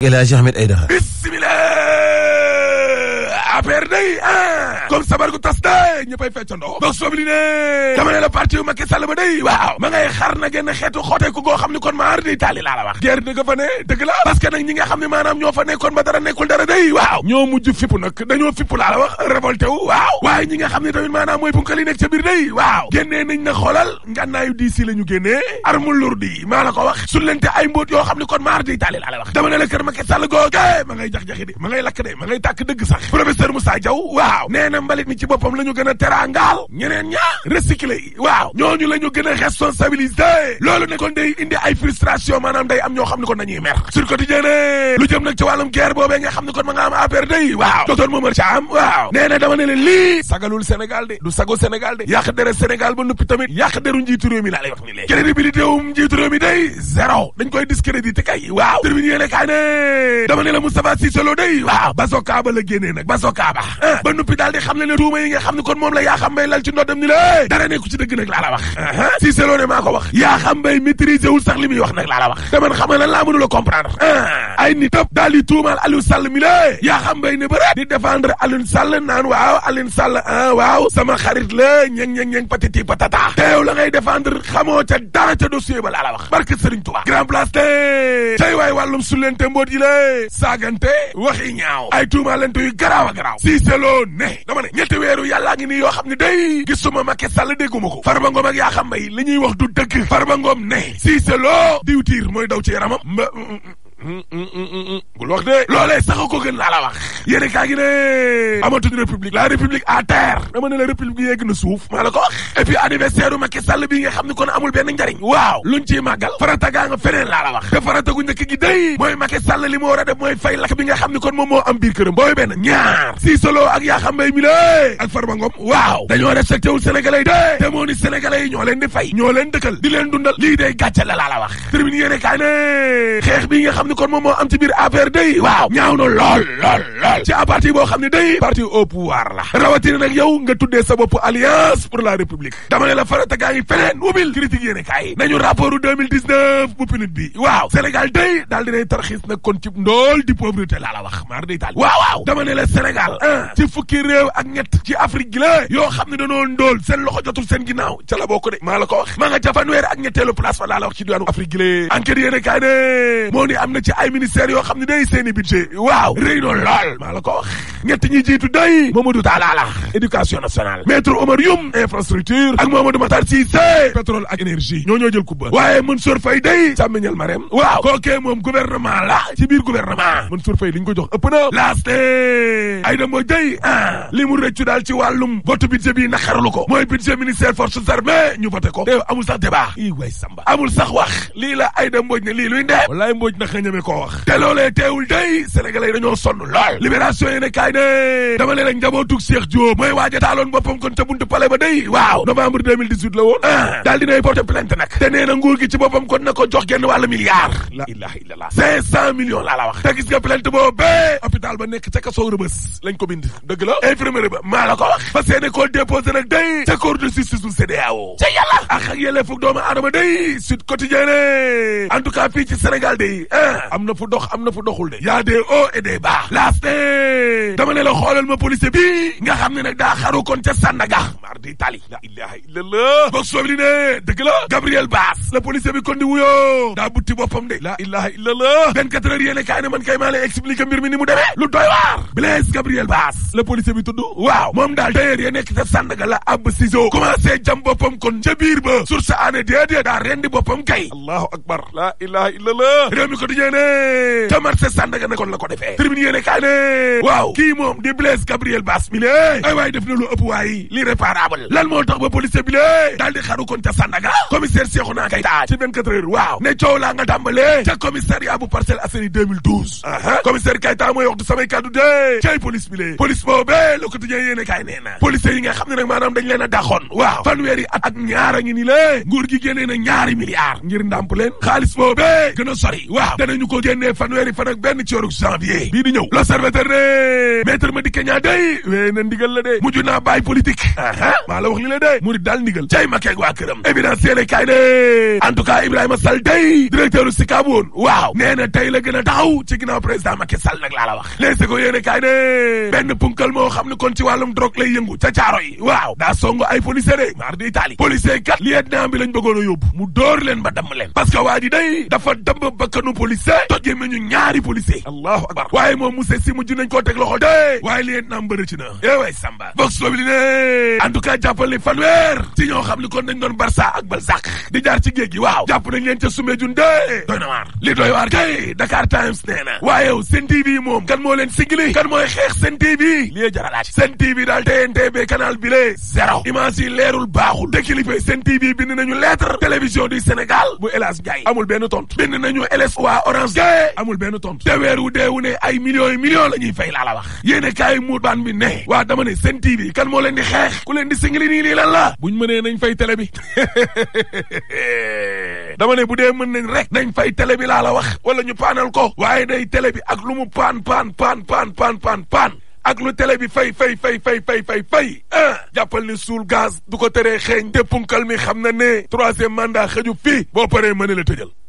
El Hadji Ahmed Aidara APR day ah comme sabar gu tas day ñëppay feccandoo box fobli ne dama ne la parti yu Sall ba day waaw ma ngay xar na genn xeetu xooteeku goo xam ne kon maar di taali nga xam ne maanaam ñoo fa nekkoon ba dara nekkul dara day waaw ñoo nga xam ne tamit mooy punkal yi nekk ca biir day na wax suñ lente yoo xam ne kon maar di taali laa wax dama ne la kër Macky Sall googe ma ngay jax-jaxi ma ngay lakk de ma ngay tàkk dëgg sax docteur Moussa Diaw waaw nee na mbalit mi ci boppam la ñu gën a teraangaal ñeneen ñaa recyclé yi waaw ñooñu la ñu gën a responsabilisé loolu ne kon day indi ay frustration maanaam day am ñoo xam ne kon dañuy mer sur quotidien lu jëm nag ci wàllum guerre boobee nga xam ne kon ma nga am affaire waaw docteur Momar Thiam waaw nee na lii sagalul Sénégal de du sago Sénégal de yàq dere Sénégal ba deru njiitu réew mi laa lay njiitu réew mi day dañ koy ko kaaba ah. ba noppi daal di xam ne ne tuuma yi nga xam ne kon moom la yaa xam bay lal ci ndoddam ni la eh, dara nekku ci dëgg nag laa la wax ah. si seloo ne maa ko wax yaa xam bay maîtriser wul sax li muy wax nag laa la wax te man xam nga lan laa mënula comprendre ah. ay nit tëb daal di tuumaal Aliou Sall mi la eh, yaa xam bay ne bëre di défendre Aliou Sall naan waaw Aliou Sall ah waaw sama xarit la ñeng ñeng ñeng patati patata te yow la ngay défendre xamoo ca dara ca dossier ba laa la wax barke Serigne Touba grand place tey waay wàllum sullente mboot yi la eh, saagante waxi ñaaw ay tuumaalante yu garaaw garaaw Cissé Lo ne dama ne ñetti weeru yàllaa ngi nii yoo xam ne day gisuma Macky Sall dégguma ko Farba Ngom ak yaa xam bay li ñuy wax du dëgg Farba Ngom ne Cissé Lo diwtiir mooy daw ci yaramam mba mm, mm, mm, doon wax de loolee sax ko gën laa wax yéene kaa gi ne amatuñu république la république à terre dama ne la république bi suuf maa la ko wax anniversaire u Macky Sall bi nga xam ne kon amul benn njariñ waaw luñ ciy màggal farata gaa nga feneen laa wax te farata gu njëkk gi mooy Macky Sall li mu war a def mooy fay lakk bi nga xam ne kon moom moo am biir këram booy benn ñaar si solo ak yaa xam mbay mi lé ak Farba Ngom waaw dañoo respecté wul sénégalais yi ñoo leen di fay ñoo leen dëkkal di leen dundal lii day laa la wax tribune yéene kaa ne xeex bi moom moo am ci biir affaire day waaw ñaaw na lool lool lool ci parti boo xam ne day parti au pouvoir la rawatina nag yow nga tuddee sa bopp alliance pour la république dama ne la farata gaa ngi feneen wubil critique yéene kaay nañu rapport 2019 bu pinit bi waaw Sénégal day daal tarxiis nag kon ci ndool di pauvreté laa wax maar day taal waaw waaw dama ne ci fukki réew ak ñett ci Afrique gi yoo xam ne danoo ndool seen loxo jotul seen ginnaaw ca la bokk de maa la wax maa nga seeni budget waaw rëy na lool maa la ko wax ñett ñi ay da mooy day ah li mu rëccu daal ci wàllum vote budget bi naqaralu ko mooy budget ministère forces armées ñu voté ko te amul sax débat i way samba amul sax wax lii la ay da mbooj ne lii luy ndee wallaay mbooj na xëñame koo te loolee teew gaawul day sénégalais yi dañoo sonn lool libération dama leen ak njabootug Cheikh mooy waaj a boppam kon ca buntu palais ba day waaw novembre 2018 la woon ah daal dinay porté plainte nag te nee na gi ci boppam kon na jox genn wàllu milliard la ilaha illallah 500 millions laa wax te gis nga plainte boobu hôpital ba nekk ca kaso Rebeuss lañ ko bind dëgg la infirmerie ba maa ko wax fa seene koo déposé day ca cour de justice bu CEDEAO ca yàlla le y'a de o et de ba laas de dama ne la xolal ma police bi nga xamne nak da xaru kon ca Sandaga Mardi tali la ilaha illallah bok soob li ne deug la Gabriel Bass la police bi kon di Da daa butti boppam de la ilaha illallah 24 heures yene kay ne man kay maa lay expliquer mbir mi ni mu demee lu doy war. Blaise Gabriel Bass la police bi tuddu waaw mom dal tailleur yene ci Sandaga la ab ciseau commencé jam bopam kon ci bir ba sur sa année déedéet da rendi bopam kay allahu akbar la ilaha illallah réew mi ko di ñee ta marché Sandaga ne kon la ko defee tribune yéene kaay ne waaw kii moom di Blaise Gabriel Bass mi lée ay waaye def na lu ëpp waaye l'irréparable lan moo tax ba policier bi lée daal di xaru kon ca Sandaga commissaire Cheikhouna Keita ci 24 heures waaw ne coow laa nga tàmbalee ca commissariat bu Parcelles Assainies 2012 aha commissaire Keita mooy wax du samay kàddu dee cay police bi lée police boobee Le Quotidien yéene kaay nee na yi nga xam ne nag maanaam dañ leen a a a benn ci yoruk janvier bi di ñew le l'observateur ne maître Madické kenya day wee na ndigal la de muju na bay politique aha ah, ma la wax li la de murid dal ndigal tay cay makeeg wa kërëm évidence yéene kaay ne en tout cas Ibrahima Sall day directeur du sikabon woon waaw nee na tey la gëna taw ci gina président Macky Sall nak la la wax les ko yéene kaay ne benn punkal mo xam kon ci walum drogue lay yëngu ca caaro yi waaw da songo ay police dé mar di Italie police kat lieutenant bi lañ bëggoon a yóbbu mu door leen ba dam leen parce que waaji day dafa dëmb bakkanu police tojee meñu ñaari policier allahu akbar waaye moom monsieur si mujj nañ koo teg loxo de waaye li naam mbërë ci na éway eh samba vox sobi li ne en tout cas jàppal ni fanweer ci ñoo xam ni kon nañ doon barça ak balzac di jaar ci géej waaw jàpp nañ leen ca Soumbédioune de doy na waar li doy waar kay Dakar Times nee waaye yow seen TV moom kan moo leen kan mooy xeex seen TV li jaralaaj seen TV daal TNTB canal bi lee zéro image yi leerul baaxul dékilife seen TV bind nañu lettre télévision du Sénégal te weer wu deewu ne ay millions yi la ñuy fay laa la wax yéene kaay muur baan mi ne waa dama ne seen TV kan moo leen di xeex ku leen di singili nii lii lan la buñ mënee nañ fay télé dama ne bu dee mën nañ rek nañ fay télé bi la wax wala ñu paanal ko waaye day télé bi ak lu mu paan paan paan paan paan paan ak lu télé bi fay fay fay fay fay fay fay ah jàppal ni suul gaz du ko teree xeeñ te punkal mi xam na ne troisième mandat xëju fii boo paree mën la tëjal